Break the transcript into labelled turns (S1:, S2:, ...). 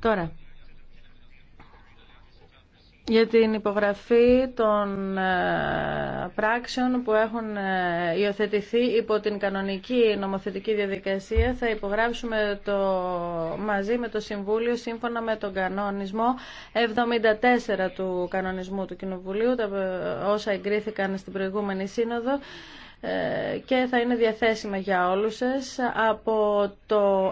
S1: Τώρα, για την υπογραφή των ε, πράξεων που έχουν ε, υιοθετηθεί υπό την κανονική νομοθετική διαδικασία θα υπογράψουμε το, μαζί με το Συμβούλιο σύμφωνα με τον κανονισμό 74 του κανονισμού του Κοινοβουλίου τα, όσα εγκρίθηκαν στην προηγούμενη σύνοδο ε, και θα είναι διαθέσιμα για όλους σας από το